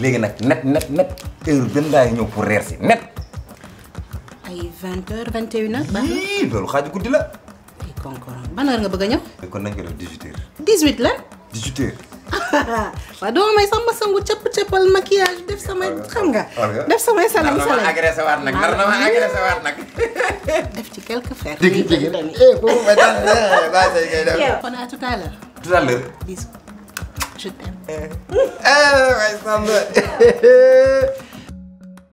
léegi nag net net net heure benn laay ñëw pour reer si net. ay vingt heures vingt et une heures. baax na loolu guddi la. ay konkoron nga bëgg a ñëw. kon ko def dix huit heures. dix huit la. dix huit may sax sangu cëpp cëppal maquillage def samay xam nga. def samay salam salam nar na waat nag nar na ma agressé waat nag. def ci quelque faire. dégg dégg eh boobu ma daan eh baax na kay def. on a tout à l'heure. tout à l'heure. shoot them. Eh, eh,